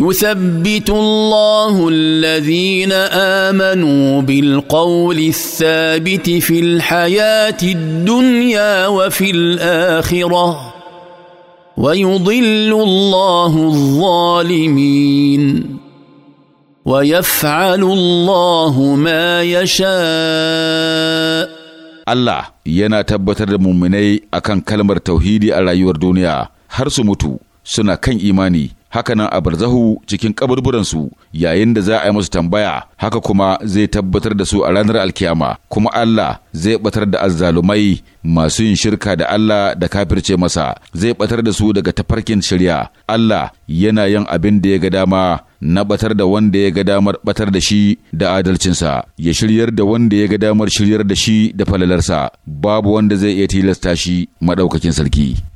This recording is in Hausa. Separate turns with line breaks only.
يثبت الله الذين امنوا بالقول الثابت في الحياه الدنيا وفي الاخره ويضل الله الظالمين ويفعل الله ما يشاء
الله ينا تبتر المؤمنين اكن كلمه توحيدي على يور دنيا duniya suna kan imani hakanan a barzahu cikin kaburburansu yayin da za a yi musu tambaya haka kuma zai tabbatar da su a ranar alkiyama kuma Allah zai batar da azzalumai masu yin shirka da Allah da kafirce masa zai batar da su daga tafarkin shirya Allah yana yin abin da ya ga dama na batar da wanda ya ga damar batar da shi da adalcinsa ya shiryar da wanda ya ga damar shiryar da shi da falalarsa babu wanda zai iya tilasta shi
madaukakin sarki